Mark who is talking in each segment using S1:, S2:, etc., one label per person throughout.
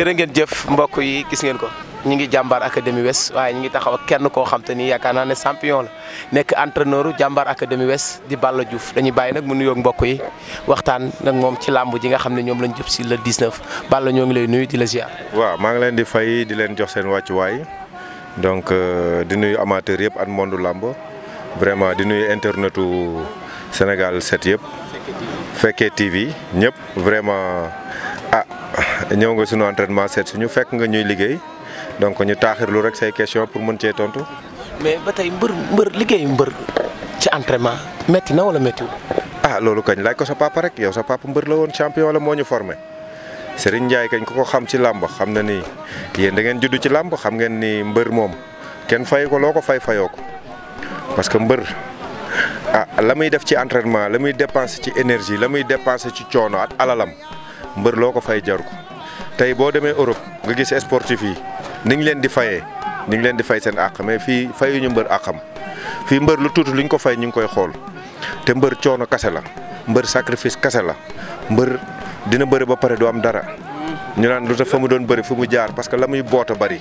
S1: jërë ngeen jëf mbokk yi gis ngeen ko ñi ngi jàmbaar académie West waaye ñi ngi taxaw kenn koo xam ni yaakaar naa ne champion la nekk entraîneur jàmbaar académie West di Balla Diouf dañuy bàyyi nag mu nuyoog mbokk yi waxtaan nag moom ci làmb ji nga xam ne ñoom lañ jëm si la le 19 Balla ñoo ngi lay nuyu di la ziar.
S2: waa maa ngi leen di fay di leen jox seen wàcc waay donc euh, di nuyu amateur yëpp ak monde làmb vraiment di nuy internetu Sénégal 7 yëpp. Fekke TV ñëpp vraiment. ñëw nga suñu entraînement seet suñu fekk nga ñuy liggéey donc ñu taaxirlu rek say question pour mën cee tontu. mais ba tey mbër mbër liggéeyu mbër ci entraînement metti na wala méttiwul. ah loolu kañ laaj ko sa papa rek yow sa papa mbër la woon champion la moo ñu formé Serigne Ndiaye kañ ko ko xam ci làmb xam na ni yéen da ngeen judd ci làmb xam ngeen nii mbër moom kenn fay ko loo ko fay fayoo ko parce que mbër. ah la muy def ci entraînement la muy dépenser ci énergie la muy dépenser ci coono at alalam mbër loo ko fay jar ko tey boo demee Europe nga gis sportif yi ni ñu leen di fayee ni ñu leen di fay seen àq mais fii ñu mbër àqam fii mbër lu tuuti luñ ko fay ñu ngi koy xool te mbër coono kase la mbër sacrifice kase la mbër dina bëri ba pare du am dara ñu naan lu tax fa mu doon bëri fu mu jaar parce que la muy boota bari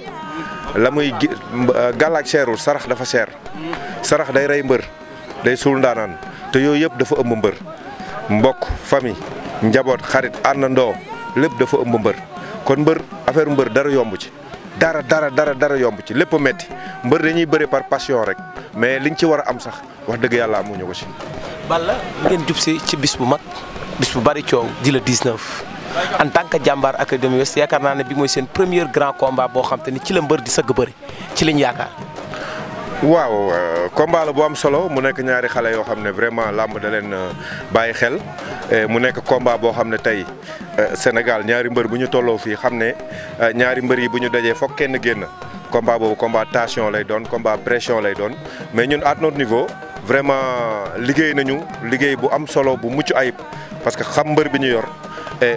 S2: la muy euh, gàllaaj seerul sarax dafa seer sarax day rey mbër day suul ndaanaan te yooyu yëpp dafa ëmb mbër mbokk famille njaboot xarit àndandoo lépp dafa ëmb mbër kon mbër affaire mbër dara yomb ci dara dara dara dara yomb ci lépp metti mbër dañuy bëre par passion rek mais li ñu ci war a am sax wax dëgg yàlla amuñu ko ci. Balla ngeen jub si
S1: ci bis bu mag bis bu bari coow di la 19 en tant que jàmbaar académie West yaakaar naa ne bi mooy seen premier grand combat boo xam te ni ci la mbër di sëgg bëri ci lañ yaakaar.
S2: waaw euh, combat la bu am solo mu nekk ñaari xale yoo xam ne vraiment làmb da leen euh, bàyyi xel. Eh, mu nekk combat boo xam ne tey eh, Sénégal ñaari mbër bu ñu tolloo fii xam ne eh, ñaari mbër yi bu ñu dajee foog kenn génn combat boobu combat tension lay doon combat pression lay doon mais ñun at notre niveau vraiment liggéey nañu liggéey bu am solo bu mucc ayib parce que xam mbër bi ñu yor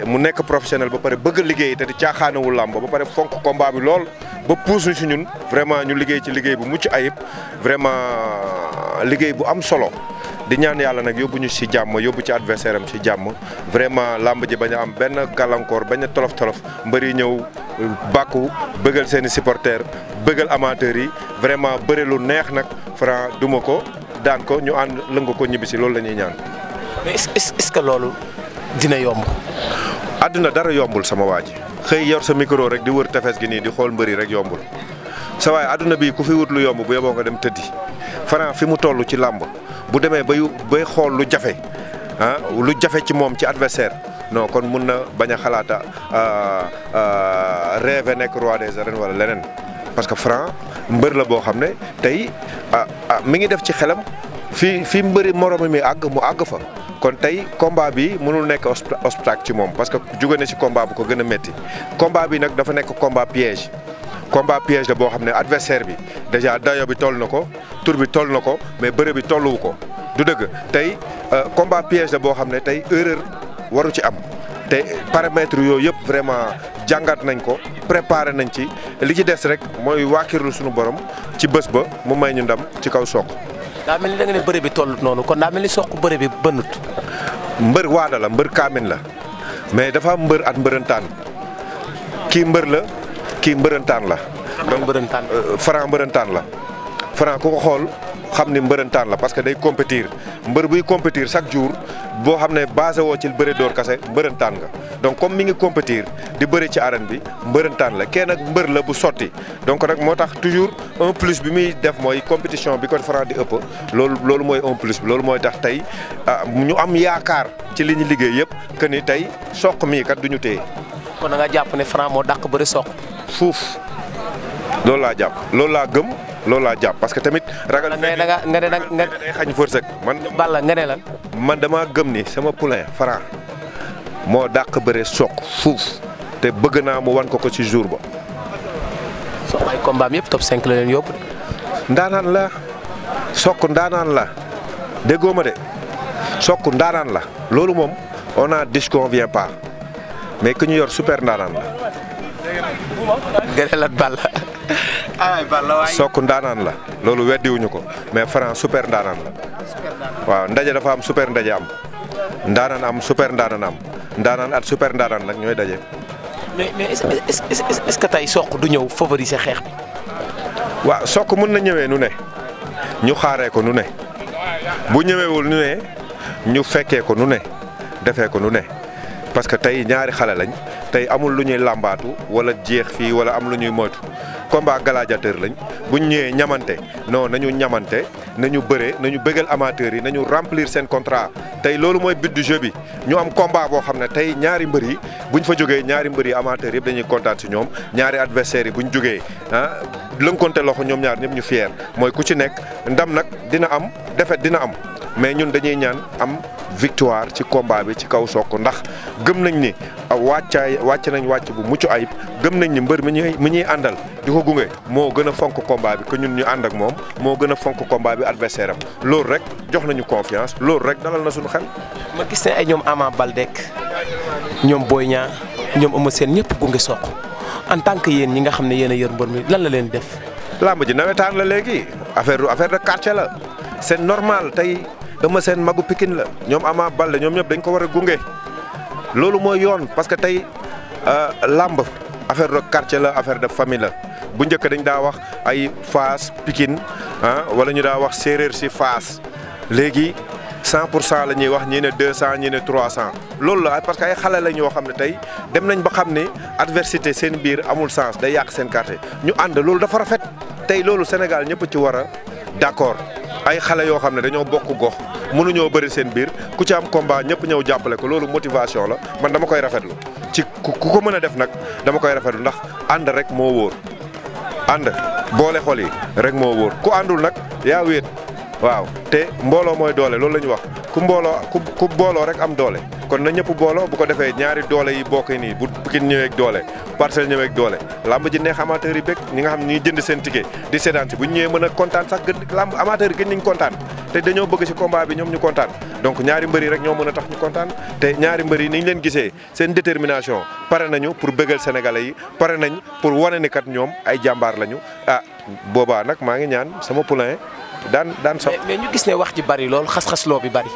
S2: mu nekk professionnel ba pare bëgg liggéey te di caaxaanawul làmb ba pare fonk combat bi lool ba pousse ñu si ñun vraiment ñu liggéey ci liggéey bu mucc ayib vraiment liggéey bu am solo di ñaan yàlla nag yóbbu ñu ci jàmm yóbbu ci adversaire am ci jàmm vraiment làmb ji bañ a am benn gàllankoor bañ a tolof tolof mbëri ñëw bàkku bëggal seeni i bëggal amateurs yi vraiment bëri lu neex nag Franc duma ko daan ko ñu ànd lëngu ko ñibbisi loolu lañuy ñaan. mais est-ce que loolu dina yomb. àdduna dara yombul sama waa ji xëy yor sa micro rek di wër tefes gi nii di xool mbëri rek yombul sa waay àdduna bi ku fi wut lu yomb bu yeboo nga dem tëddi Franc fi mu toll ci làmb. bu demee ba yu ba xool lu jafe ah lu jafe ci moom ci adversaire non kon mun na bañ a xalaata rêve nekk roi des arènes wala leneen parce que Franc mbër la boo xam ne tey mi ngi def ci xelam fii fii mbëri moroom mi àgg mu àgg fa kon tey combat bi mënul nekk obstacle ci moom parce que jóge na ci combat bu ko gën a métti combat bi nag dafa nekk combat piège combat piège la boo xam ne adversaire bi déjà dayo bi toll na ko tur bi toll na ko mais bëre bi tolluwu ko du dëgg tey euh, combat piège la boo xam ne tey erreur waru ci am te paramètres yooyu yëpp vraiment jàngat nañ ko préparer nañ ci li ci des rek mooy waakirlu suñu borom ci bës ba mu may ñu ndam ci kaw sook daa mel ni da nga bi tollut noonu kon daa mel ni Sokh bëre bi bënnut. mbër waada la mbër kaamin la mais dafa am mbër at mbërëntaan kii mbër la kii mbërëntaan la. donc euh, Franc mbërëntaan la. Franc ku ko xool xam ni mbërëntaan la parce que day compétir mbër buy compétir chaque jour boo xam ne basé woo ci bëre door kase mbërëntaan nga donc comme mi ngi compétir di bëri ci arène bi mbërëntaan la kenn nag mbër la bu sotti donc rek moo tax toujours un plus bi muy def mooy compétition bi ko Franc di ëpp loolu loolu mooy un plus bi loolu mooy tax tey ah, ñu am yaakaar ci li ñu liggéey yëpp que ni tey soq mii kat du ñu téye. kon da nga jàpp ne Franc moo dàq bëri soq. fuuf loolu laa jàpp loolu laa gëm. loolu laa jàpp parce que tamit. ragal feeñ nga nga ne nga day xañ wërsëg man Balla nga ne lan. man damaa gëm ni sama poulain Franc moo dàq bëre soq fuuf te bëgg naa mu wan ko ko ci jour ba. soq ay combat yëpp top 5 la leen yóbbu. ndaanaan la soq ndaanaan la déggoo ma de soq ndaanaan la loolu moom on a disconvient pas mais ku ñu yor super ndaanaan la. gën a lan Balla. Ah, Sokk ndaanaan la loolu weddiwuñu ko mais Franc super ndaanaan la waaw ndaje dafa am super ndaje am ndaanaan am super ndaanaan am ndaanaan at super ndaanaan nag ñooy daje.
S1: mais mais est-ce que tey Sokk du ñëw favoriser xeex bi.
S2: waaw Sokk mën na ñëwee nu ne ñu xaaree ko nu ne bu ñëweewul nu ne ñu fekkee ko nu ne defee ko nu ne parce que tey ñaari xale lañ tey amul lu ñuy làmbaatu wala jeex fii wala am lu ñuy moytu. combat gladiateur bu ñu ñëwee ñamante non nañu ñamante nañu bëree nañu bëggal amateurs yi nañu remplir seen contrat tey loolu mooy biddu du jeu bi ñu am combat boo xam ne tey ñaari mbër yi buñ fa jógee ñaari mbër yi amateurs yëpp dañuy kontaan si ñoom ñaari adversaires yi buñ jógee ah lënkonte loxo ñoom ñaar ñëpp ñu fier mooy ku ci nekk ndam nag dina am défaite dina am mais ñun dañuy ñaan am victoire ci combat bi ci kaw Sokh ndax gëm nañ ni wàccaay wàcc nañ wàcc bu mucc ayib gëm nañ ni mbër mi ñuy mi ñuy àndal di ko gunge moo gën a fonk combat bi que ñun ñu ànd ak moom moo gën a fonk combat bi adversaire am loolu rek jox nañu confiance loolu rek dalal na suñu xel. ma gis ne ay ñoom Ama Baldé
S1: ñoom booy ñaar ñoom Eumeu Sène ñëpp gunge Sokh
S2: en tant que yéen ñi nga xam ne yéen a yor mbër mi lan la leen def. làmb ji nawetaan la léegi affaire affaire de quartier la c'est normal tey. Eumeu seen magu Pikine la ñoom Ama Baldé ñoom ñëpp dañ ko war a gunge loolu mooy yoon parce que tey euh, làmb affaire de quartier la affaire de famille la bu njëkk dañ daa wax ay Fass Pikine ah wala ñu daa wax séeréer si Fass léegi cent pour cent la ñuy wax ñii ne deux cent ñii ne trois cent loolu la parce que ay xale la ñoo xam ne tey dem nañ ba xam ne adversité seen biir amul sens day yàq seen quartier ñu ànd loolu dafa rafet tey loolu Sénégal ñëpp ci war a d'accord ay xale yoo xam ne dañoo bokk gox mënuñoo bëri seen biir ku ci am combat ñëpp ñëw jàppale ko loolu motivation la man dama koy rafetlu ci ku ko mën a def nag dama koy rafetlu ndax ànd rek moo wóor ànd boole xol yi rek moo wóor ku àndul nag yaa wéet waaw te mbooloo mooy doole loolu la ñu wax ku mbooloo ku ku booloo rek am doole. kon na ñëpp booloo bu ko defee ñaari doole yi bokk nii bu Pikine ñëwee ak doole Parcelles ñëwee ak doole lamb ji neex amateur yi bég ñi nga xam ñi jënd seen ticket di seetaan si bu ñu ñëwee mën a kontaan sax gën lamb amateur yi gën nañ kontaan te dañoo bëgg si combat bi ñoom ñu kontaan donc ñaari mbër yi rek ñoo mën a tax ñu kontaan te ñaari mbër yi ni ñu leen gisee seen détermination pare nañu pour bëggal sénégalais yi pare nañ pour wane ni kat ñoom ay jàmbaar lañu ah boobaa nag maa ngi ñaan sama poulain daan daan soq. mais ñu gis ne wax ji bari lool xas-xas loo bi bari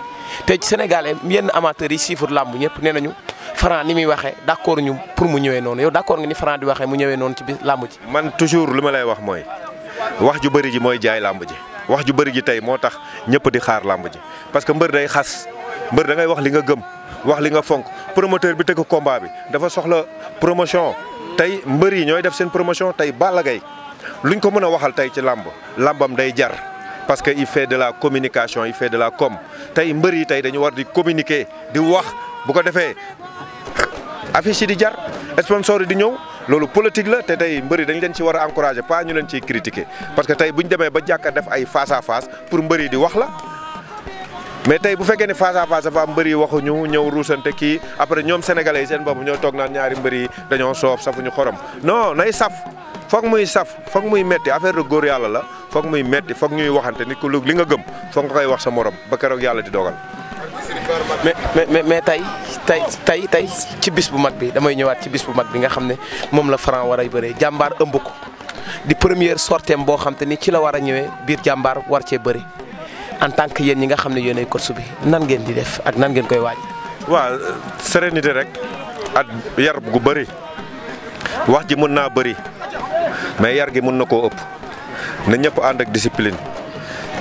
S2: te ci Sénégal yenn
S1: amateurs yi siifut làmb ñëpp nee nañu Franc ni muy waxee d' accord ñu pour mu ñëwee noonu yow d' accord nga ni Franc di waxee
S2: mu ñëwee noonu ci biir làmb ji. man toujours li ma lay wax mooy wax ju bëri ji mooy jaay làmb ji wax ju bëri ji tey moo tax ñëpp di xaar làmb ji parce que mbër day xas mbër dangay wax li nga gëm wax li nga fonk promoteur bi tëgg combat bi dafa soxla promotion tey mbër yi ñooy def seen promotion tey Balla Gaye luñ ko mën a waxal tey ci làmb làmbam day jar. parce que il fait de la communication il fait de la com tey mbër yi tey dañu war di communiquer di wax bu ko defee affiche yi di jar sponsor yi di ñëw loolu politique la te tey mbër yi dañ leen ci war a encourager pas ñu leen ciy critiquer parce que tey bu ñu demee ba jàkka def ay face à pour mbër yi di wax la. mais tey bu fekkee ne face à face dafa mbër yi waxuñu ñëw ruusante kii après ñoom sénégalais yi seen bopp ñoo toog naan ñaari mbër yi dañoo soof safuñu xorom non nay muy saf foog muy metti affaire de góor yàlla la. foog muy metti foog ñuy waxante nit ku li nga gëm foog nga koy wax sa morom ba keroog yàlla di dogal. mais mais mais tey tey tey tey ci bis bu mag bi damay ñëwaat ci bis bu mag bi nga xam ne moom la
S1: Franc war a bëree jàmbaar ëmb ko di première sorteem boo xam te ni ci la war a ñëwee biir jàmbaar war cee bëri en tant que yéen ñi nga xam ne yéenay course bi nan ngeen di def ak nan ngeen koy waaj.
S2: waa sérénité rek at yar gu bari wax ji mën naa bëri mais yar gi mën na koo ëpp. na ñëpp ànd ak discipline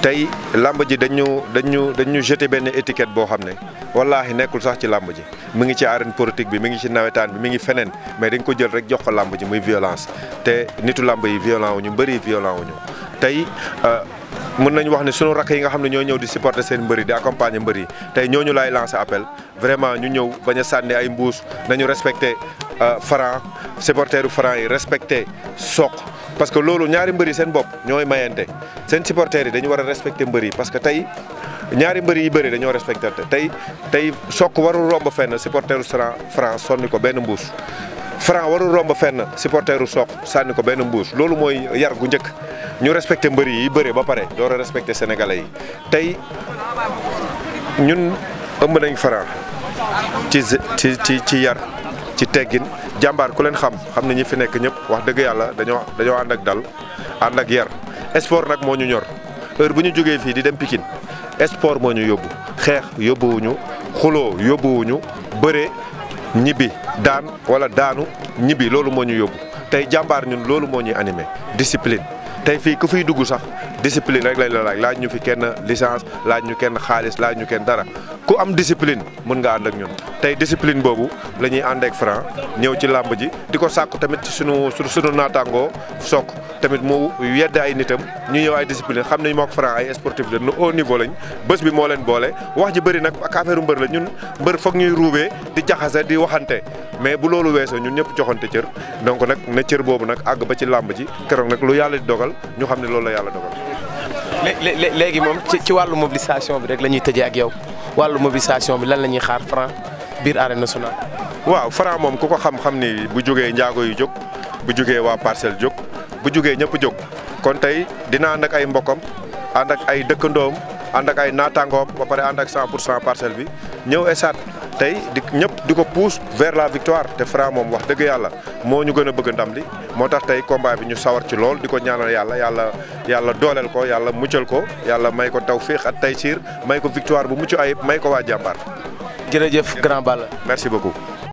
S2: tey làmb ji dañu dañu dañu jeté benn étiquette boo xam ne wallaahi nekkul sax ci làmb ji mu ngi ci arène politique bi mi ngi ci nawetaan bi mi ngi feneen mais dañ ko jël rek jox ko làmb ji muy violence te nitu làmb yi violent wu ñu mbëri violent wu ñu tey euh, mën nañu wax ne sunu rakk yi nga xam ne ñoo ñëw di supporter seen mbër yi di accompagner mbër yi tey ñooñu laay lancer appel vraiment ñu ñëw bañ a sànni ay mbuus nañu respecté euh, Franc supporteru Franc yi respecté Sokh parce que loolu ñaari mbër yi seen bopp ñooy mayante seen supporters yi dañu war a respecté mbër yi parce que tey ñaari mbër yi bëri dañoo respecté tey tey Sokh warul romb fenn supporteru Franc sonni ko benn mbuus Franc warul romb fenn supporteru Sokh sànni ko benn mbuus loolu mooy yar gu njëkk ñu respecté mbër yi bëre ba pare door a respecté sénégalais yi tey ñun ëmb nañ Franc ci ci ci ci yar ci teggin jàmbaar ku leen xam xam ne ñi fi nekk ñëpp wax dëgg yàlla dañoo dañoo ànd ak dal ànd ak yar sport nag moo ñu ñor heure bu ñu jógee fii di dem Pikine sport moo ñu yóbbu xeex yóbbuwuñu xuloo yóbbuwuñu bëre ñibbi daan wala daanu ñibbi loolu moo ñu yóbbu tey jàmbaar ñun loolu moo ñuy animé discipline. tey fii ku fiy dugg sax discipline rek lañ la laaj laaj ñu fi kenn licence laaj ñu kenn xaalis laaj ñu kenn dara ku am discipline mën nga ànd ak ñun tey discipline boobu la ñuy ànd ak ñëw ci làmb ji di ko sàkku tamit ci sunu sunu naataangoo Sokh tamit mu yedd ay nitam ñu ñëw ay discipline xam nañ moo ko Franc ay sportif de haut niveau lañ bés bi moo leen boole wax ji bëri nag ak affaire mbër la ñun mbër foog ñuy ruubee di jaxase di waxante mais bu loolu weesoo ñun ñëpp joxante cër donc nag na cër boobu nag àgg ba ci làmb ji keroog nag lu yàlla di dogal ñu xam ne loolu la yàlla dogal.
S1: léegi moom ci wàllu mobilisation bi rek la ñuy tëjee ak yow wàllu mobilisation bi lan la ñuy xaar Franc biir na nationale.
S2: waaw Franc moom ku ko xam-xam ni bu jógee njaago yu jóg bu jógee waa parcelle jóg bu jógee ñëpp jóg kon tey dina ànd ak ay mbokkam ànd ak ay dëkkandoom ànd ak ay naataangoom ba pare ànd ak 100 pour cent parcelle bi ñëw esaat. tey di ñëpp di ko pousse vers la victoire te fra moom wax dëgg yàlla moo ñu gën a bëgg ndam li moo tax tey combat bi ñu sawar ci lool di ko ñaanal yàlla yàlla yàlla dooleel ko yàlla muccal ko yàlla may ko tawfiix ak taysiir may ko victoire bu mucc ayib may ko waa jàmbaar.
S1: jërëjëf grand Balla. merci beaucoup.